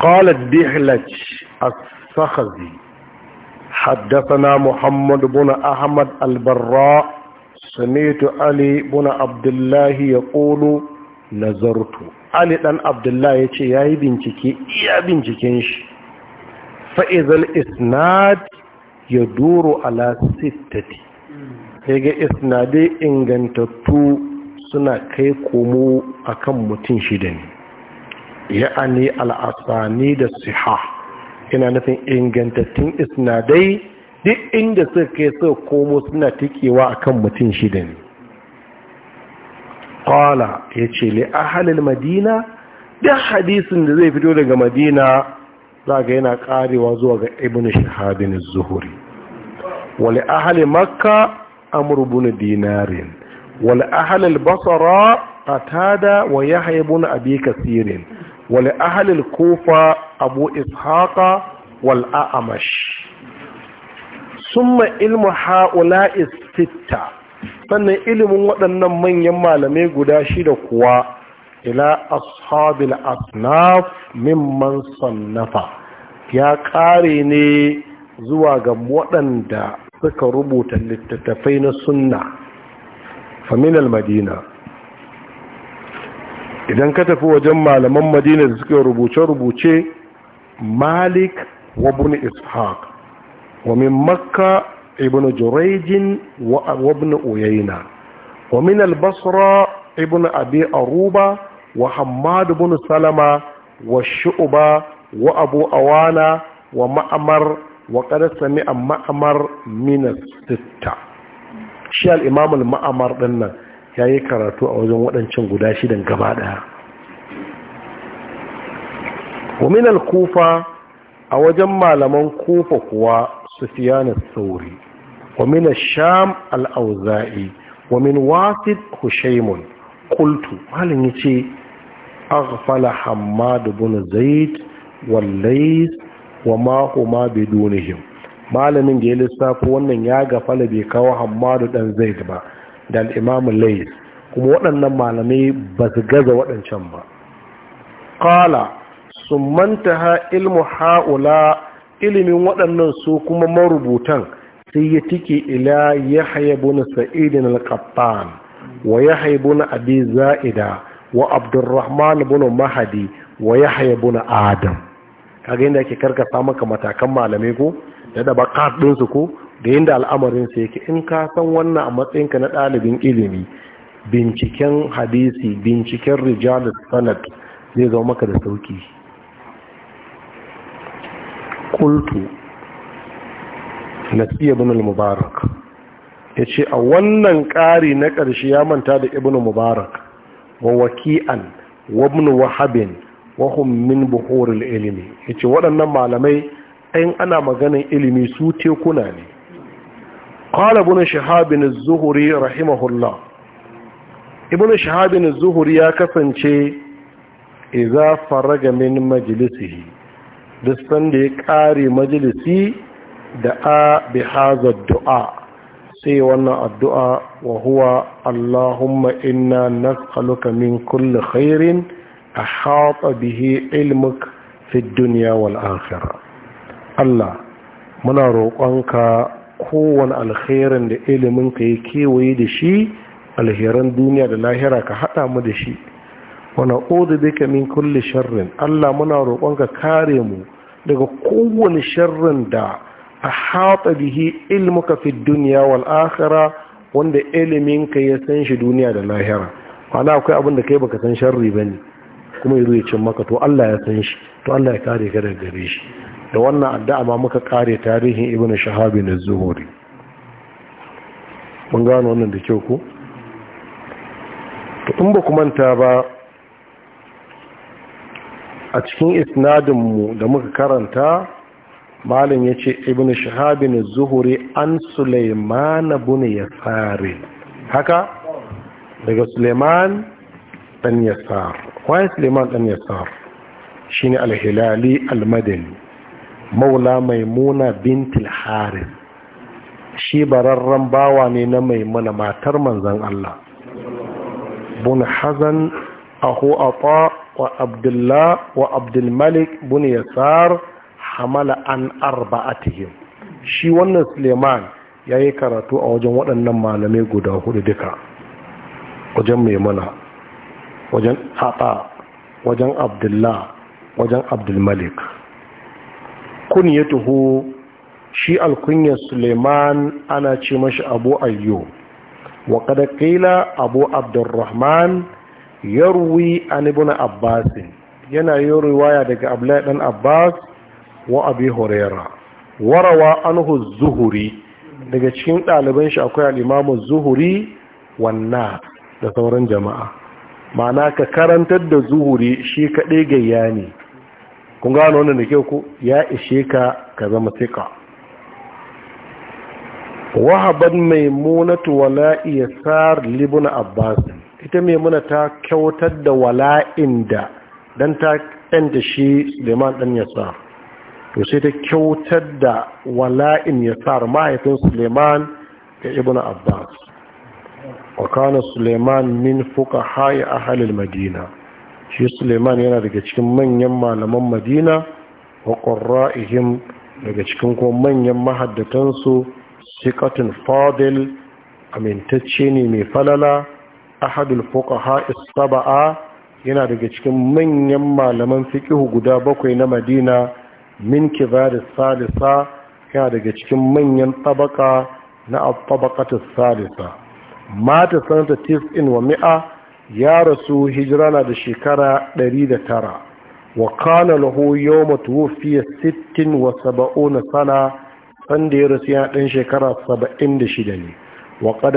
Khalid Dehlan a Sakazin haddasa na Muhammadu buna Ahmad Albarran, Ali buna Abdullahi ya kolo Ali dan Abdullahi yace yayi bincike, iya binciken shi fa'izan is na ya duro ala sittati sai ga isnadai ingantattu suna kai komo akan mutum shida ne ya'ani al'asani da siha ina nufin ingantattun isnadai duk inda suka kai suka komo suna tikewa akan mutum shida ne kwala ya ce li ahalil madina duk hadisin da zai fito daga madina za ga yana karewa zuwa ga ibn shahabin zuhuri wale ahali makka amur bin dinarin wale ahalin basara tada wa yahya ibn abi kasirin wale ahalin Kofa abu ishaqa wal a'mash summa ilmu ha'ula'i sitta sannan ilimin waɗannan manyan malamai guda shida kuwa ila ashabil asnaf mimman sannafa ya ƙare ne zuwa ga waɗanda suka rubuta littattafai na sunna faminal madina idan ka tafi wajen malaman madina da suka rubuce-rubuce malik wa bin ishaq wa min makka ibn jurejin wa ibn uyayna wa min basra ibn abi aruba wa hammad ibn salama wa shu'ba wa abu awana wa ma'amar wa qad sami'a ma'amar min shi al maamar din nan yayi karatu a wajen waɗancan guda shidan gaba ɗaya wa kufa a wajen malaman kufa kuwa sufyan sauri wa min sham al-auza'i wa min wasid hushaimun kultu malin ya ce aghfala hammadu bin zaid wallais wa ma huma bidunihim malamin da ya lissafi wannan ya gafala bai kawo hammadu dan zaid ba da al lais kuma waɗannan malamai ba su gaza waɗancan ba qala ha ilmu haula ilimin waɗannan su kuma marubutan sai ya tike ila yahya bin sa'id al-qattan wa بن ibn زائدة وعبد wa بن مهدي ويحيى wa yahya ibn adam inda yake karkasa maka matakan malamai ko da da bakat din su ko da inda al'amarin su yake in ka san wannan a matsayinka na ɗalibin ilimi binciken hadisi binciken rijal sanad zai zama maka da sauki kultu nasiya ibn al-mubarak ya ce a wannan ƙari na ƙarshe ya manta da ibn mubarak wa waki'an wa ibn wahabin wa hum min ilimi ya ce waɗannan malamai ɗin ana maganin ilimi su tekuna ne ƙwala ibn shahabin zuhuri rahimahullah ibn shahabin zuhuri ya kasance za faraga min majlisihi duk sanda ya ƙare majalisi da a bihazar du'a sai wannan addu'a wa huwa Allahumma inna nas'aluka min kulli khairin ahata bihi ilmuk fi duniya wal akhirah Allah muna roƙonka kowane alherin da iliminka ya kewaye da shi alheran duniya da lahira ka haɗa mu da shi wana ƙoda ka min kulle sharrin Allah muna roƙonka kare mu daga kowane sharrin da ahata bihi ilmuka fi duniya wal akhirah wanda ilimin ka ya san shi duniya da lahira ana akwai abin da kai baka san sharri bane kuma yazo ya cin maka to Allah ya san shi to Allah ya kare ka daga gare shi da wannan addu'a ma muka kare tarihin ibnu shahabi na zuhuri mun gano wannan da kyau ko to in ba manta ba a cikin isnadin mu da muka karanta malin ya ce ibn shahabin zuhuri an suleiman bin yasari haka daga suleiman dan yasar why suleiman dan yasar shine Shi ne al Almadin, maula maimuna bintil Haris. shi bararren bawa ne na maimuna matar manzon Allah bun hazan a ata wa abdullah wa abdulmalik bin yasar hamala an tihim shi wannan suleiman ya yi karatu a wajen waɗannan malamai guda hudu duka wajen maimuna wajen haɗa wajen abdullah wajen abdulmalik Kun kunyatuhu shi alkunyar suleiman ana ce mashi abu ayyo wa kada kaila abu abdurrahman yarwi an ibn abbasin yana yin riwaya daga abdullahi dan abbas wa abi huraira warawa anhu zuhuri daga cikin ɗaliban shi akwai al'imamu zuhuri wanna da sauran jama'a ma'ana ka karantar da zuhuri shi kaɗai ya ne kun gano wannan da ke ku ya ishe ka ka zama tsika wahaban maimunatu wala'i ya sar libuna abbas ita maimuna ta kyautar da wala'in da don ta ɗan da shi suleiman ɗan ya to sai ta kyautar da wala'in ya tsar mahaifin suleiman ga ibn abbas wakana suleiman min fuka haya a halil madina shi suleiman yana daga cikin manyan malaman madina wa ƙwarra'ihim daga cikin kuma manyan mahaddatansu Sikatin fadil amintacce ne mai falala ahadul fuka ha'is saba'a yana daga cikin manyan malaman fikihu guda bakwai na madina min kibarin salisa ya daga cikin manyan tabaka na tabakatus salisa mata sanata tis'in wa mi'a ya rasu hijirana da shekara 109 wa kana lahu yau matuwa fiye 60 wa 70 sana sanda ya rasu ya dan shekara 76 ne wa qad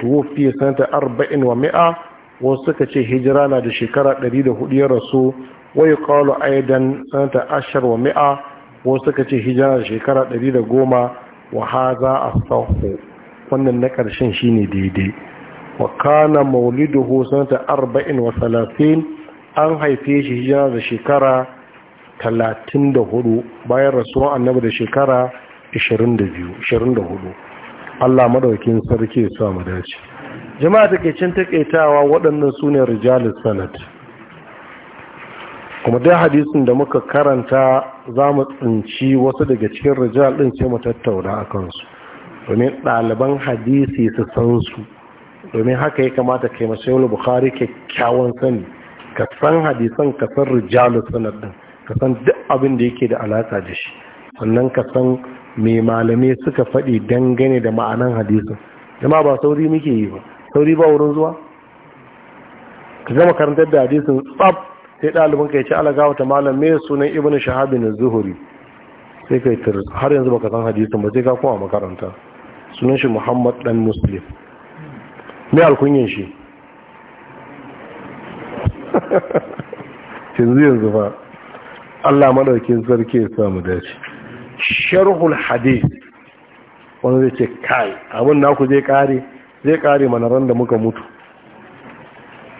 tuwa fiye sanata 40 wa mi'a wasu suka ce hijirana da shekara 104 ya rasu wai kawo aidan sanata ashar wa mi'a wasu suka ce hijira da shekara ɗari da goma wa haza a sahu wannan na ƙarshen ne daidai wa kana ko sanata arba'in wa salafin an haife shi hijira da shekara talatin da hudu bayan rasuwan annabi da shekara 24 da hudu Allah madaukin sarki ya sa mu dace jama'a take cin takaitawa waɗannan su ne rijalis sanad kuma dai hadisin da muka karanta za mu tsinci wasu daga cikin rijal ɗin ce mu tattauna a kansu domin ɗaliban hadisi su san su domin haka ya kamata kai masu yau bukari kyakkyawan sani ka san hadisan ka san rijalu sanar ɗin ka san duk abin da yake da alaƙa da shi sannan ka san me malamai suka faɗi dangane da ma'anan hadisin jama'a ba sauri muke yi ba sauri ba wurin zuwa ka zama karantar da hadisin tsab sai ɗalibin ka ya ce alagawa ta malam mai sunan ibn shahabin zuhuri sai kai tir har yanzu baka san hadisun ba sai ka koma makaranta sunan shi muhammad dan muslim me alkunyin shi yanzu yanzu ba Allah madaukin sarki ya samu dace sharhul hadith wani zai ce kai abin naku zai kare zai kare manaran da muka mutu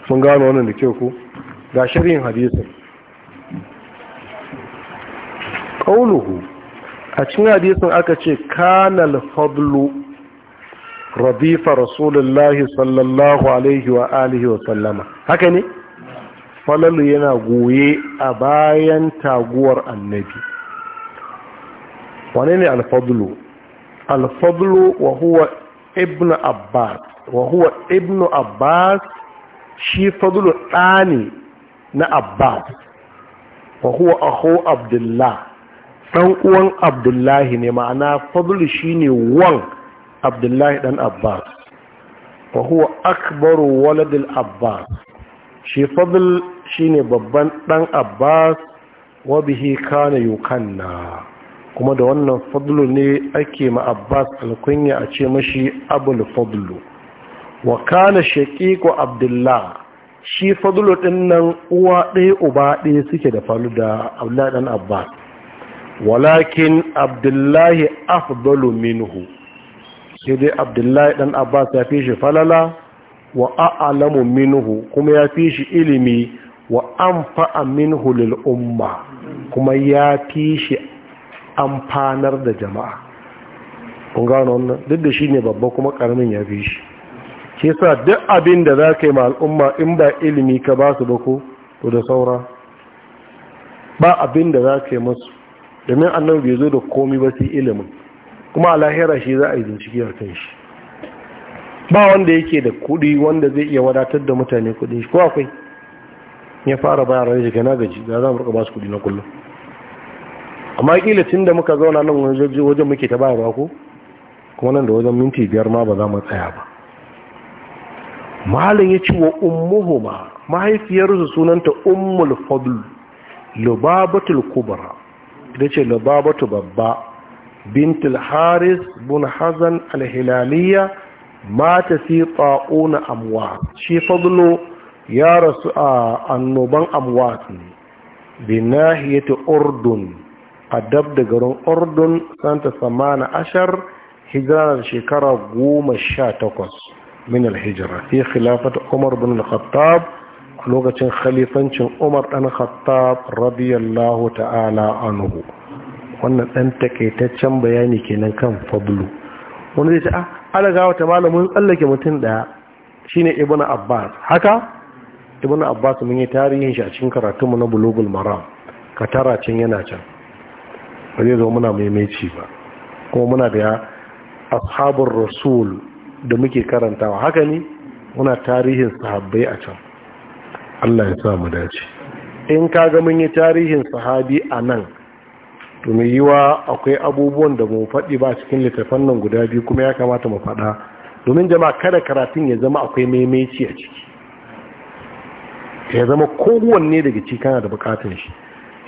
sun gano wannan da ke ku? ga shirin hadisun ƙauluhu a cikin hadisun aka ce kanal fadlu rabifa rasulullahi sallallahu alaihi wa alihi wa sallama haka ne falalu yana goye a bayan taguwar annabi wane ne alfadlu alfadlu wa huwa ibn abbas wa huwa ibn abbas shi fadlu ɗani na abbas wa huwa aho abdullah ɗan uwan abdullahi ne ma'ana fadlu shine wan abdullahi ɗan abbas wa huwa akbaru waladil abbas shi fadl shine babban ɗan abbas wa bihi kana yukanna kuma da wannan fadlu ne ake ma abbas alkunya a ce mashi abul fadlu wa kana shaqiqu abdullah shi fadlu din nan uwa ɗaya uba ɗaya suke da falu da abdullahi dan abbas walakin abdullahi afdalu minhu sai dai abdullahi Ɗan abbas ya fi shi falala wa a'lamu minhu kuma ya fi shi ilimi wa anfa'a minhu lil umma kuma ya fi shi amfanar da jama'a kun gano wannan duk da shine babba kuma ƙaramin ya fi shi Ke sa duk abin da za ka yi ma al'umma in ba ilimi ka ba su bako to da saura ba abin da za ka yi masu domin annan bai zo da komi ba su ilimin kuma alahira shi za a yi zinciki a kan shi ba wanda yake da kudi wanda zai iya wadatar da mutane kudi shi ko akwai ya fara bayan rai shiga na gaji da za mu rika ba su kudi na kullum amma kila tun da muka zauna nan wajen muke ta bayarwa ko kuma nan da wajen minti biyar ma ba za mu tsaya ba malin ya ci wa ummuhuma mahaifiyarsu sunanta ummul fadl lubabatul kubra da ce lubabatu babba bintul haris bin hazan alhilaliya mata fi ta'una amwa shi fadlo ya rasu a annoban amwa ne binahiyati urdun a da garin urdun santa samana ashar da shekara goma sha takwas min al-hijra fi khilafat umar bin al-khattab lokacin khalifancin umar dan khattab radiyallahu ta'ala anhu wannan dan takaitaccen bayani kenan kan fablu wani zai ce ah alagawa ta malamin tsallake mutum daya shine Ibn abbas haka ibnu abbas mun yi tarihin shi a cikin karatunmu na bulugul maram ka yana can ba zai zo muna maimaici ba kuma muna da ashabun rasul da muke karantawa haka ne muna tarihin sahabbai a can Allah ya sa mu dace in kaga mun yi tarihin sahabi a nan to mai yiwa akwai abubuwan da mu faɗi ba cikin littafan nan guda biyu kuma ya kamata mu faɗa domin jama'a kada karatun ya zama akwai maimaici a ciki ya zama kowanne daga ciki kana da bukatun shi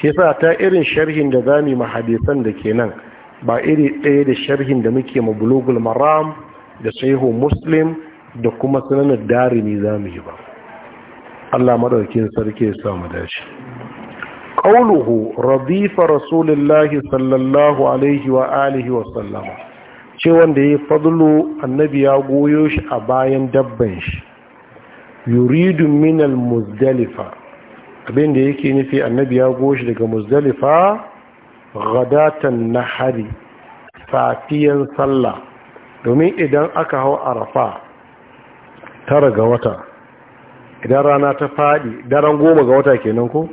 shi yasa ta irin sharhin da zamu ma hadisan da ke nan ba iri ɗaya da sharhin da muke ma bulugul maram da sahihu muslim da kuma dari darimi za mu yi ba Allah maɗaukin sarki ya samu dace qauluhu radifa rasulullahi sallallahu alaihi wa alihi wa sallama ce wanda yayi fadlu annabi ya goyo shi a bayan dabban shi yuridu min al-muzdalifa abin da yake nufi annabi ya goyo shi daga muzdalifa ghadatan nahari safiyan sallah domin idan aka hau arafa tara ga wata idan rana ta faɗi daren goma ga wata kenan ko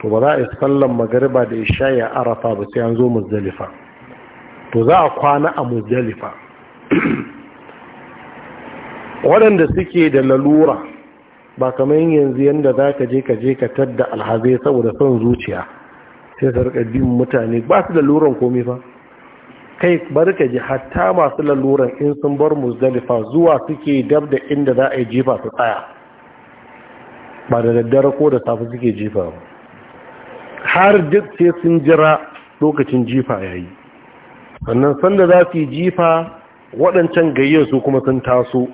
to ba za a isa kallon magariba da ishaya arafa ba sai an zo muzdalifa to za a kwana a muzdalifa waɗanda suke da lalura ba kamar yanzu yadda za ka je ka je ka tadda alhazai saboda son zuciya sai sarƙar mutane ba su da luran komai ba kai bari ka ji hatta masu laluran in sun bar muzdalifa zuwa suke dab da inda za a yi jifa su tsaya ba da daddare ko da safe suke jifa ba har duk sai sun jira lokacin jifa ya yi sannan sanda za su yi jifa waɗancan gayyar su kuma sun taso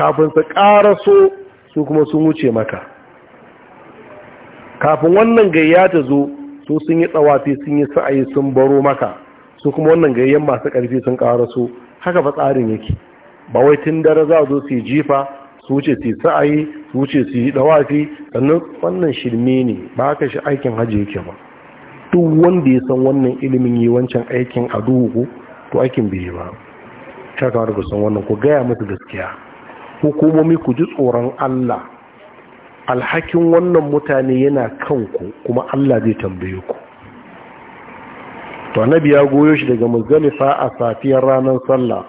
kafin su ƙaraso su kuma sun wuce maka kafin wannan gayya ta zo su sun yi tsawafi sun yi sa'ayi sun baro maka su kuma wannan gayyen masu ƙarfi sun ƙara su haka fa tsarin yake ba wai tun dare za zo su jifa su wuce su yi sa'ayi su wuce su yi dawafi sannan wannan shirme ne ba haka shi aikin hajji yake ba duk wanda ya san wannan ilimin yi wancan aikin a duhu to aikin bai ba ta kamar ku san wannan ku gaya musu gaskiya hukumomi ku ji tsoron Allah alhakin wannan mutane yana kanku kuma Allah zai tambaye ku to annabi ya goyo shi daga muzdalifa a safiyar ranar sallah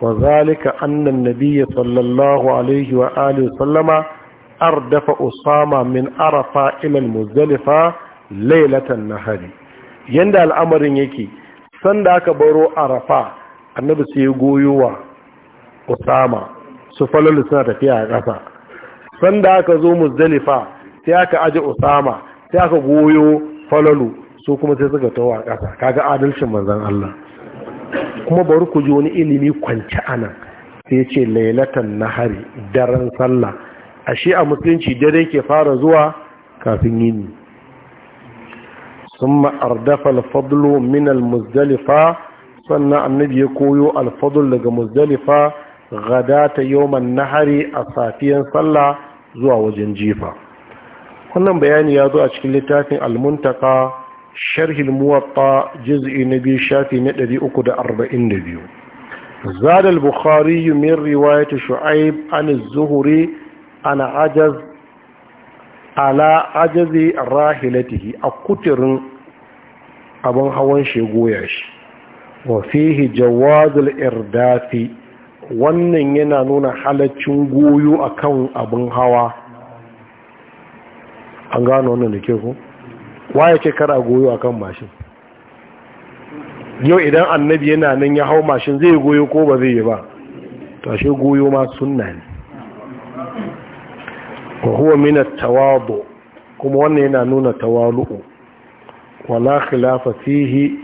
wa zalika anna an-nabiyya sallallahu alaihi wa alihi sallama ardafa usama min arafa ila muzdalifa lailatan nahari yanda al'amarin yake sanda aka baro arafa annabi sai ya goyo wa usama su falalu suna tafiya a ƙasa sanda aka zo muzdalifa sai aka aje usama sai aka goyo falalu su kuma sai suka tawo a ƙasa kaga adalcin manzan Allah kuma bari ku ji wani ilimi kwanci nan. sai ce lailatan nahari daren sallah ashe a musulunci dare ke fara zuwa kafin yini summa ardafa al-fadlu min al-muzdalifa sannan annabi ya koyo al-fadl daga muzdalifa gadata yawman nahari a safiyan sallah zuwa wajen jifa wannan bayani ya zo a cikin littafin al-muntaka sharhi muwatta juz'i na biyu shafi na 342 da arba'in da min riwayat shu'aib an az Shu'aib, ana ajaz ala ajazi rahilatihi a kuturin abin hawan shi goya shi wa fihi jawazul irdafi wannan yana nuna halaccin goyo akan abin hawa an gano wannan da ke ku waye ce kara goyo a kan mashin yau idan annabi yana nan ya hau mashin zai goyo ko ba zai yi ba to ashe goyo ma sunna ne wa huwa min tawadu kuma wannan yana nuna tawalu'u wala khilafa fihi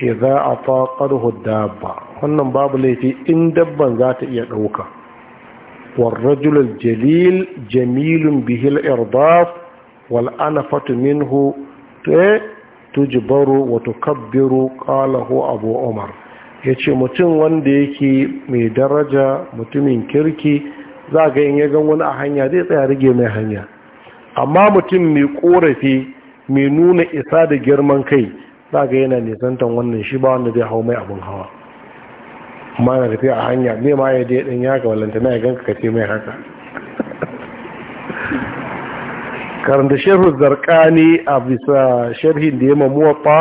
idza ataqahu dabba wannan babu laifi in dabban za ta iya dauka والرجل الجليل جميل به الإرضاف والأنفة منه to eh, tujbaru wa tukabbiru qalahu abu umar yace mutum wanda yake mai daraja mutumin kirki za ga in ya gan wani a hanya zai tsaya rage mai hanya amma mutum mai korafi mai nuna isa da girman kai za ga yana nisantan wannan shi ba wanda zai hau mai abin hawa amma na tafiya a hanya mai ma ya je ɗin ya ga walanta na ya ganka ka ce mai haka karanta sharhu zarkani a bisa sharhin da ya mamuwafa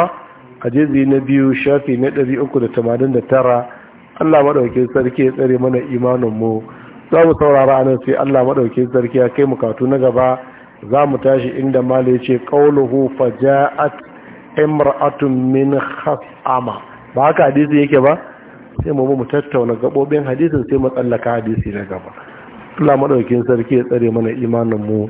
a jizi na biyu shafi na 389 Allah maɗaukin sarki ya tsare mana imaninmu za mu saurara anan sai Allah maɗaukin sarki ya kai mukatu na gaba za mu tashi inda mala ya ce ƙauluhu faja'at imra'atun min khas'ama ba haka hadisi yake ba sai mu mu tattauna gabobin hadisin sai mu tsallaka hadisi na gaba Allah maɗaukin sarki ya tsare mana imaninmu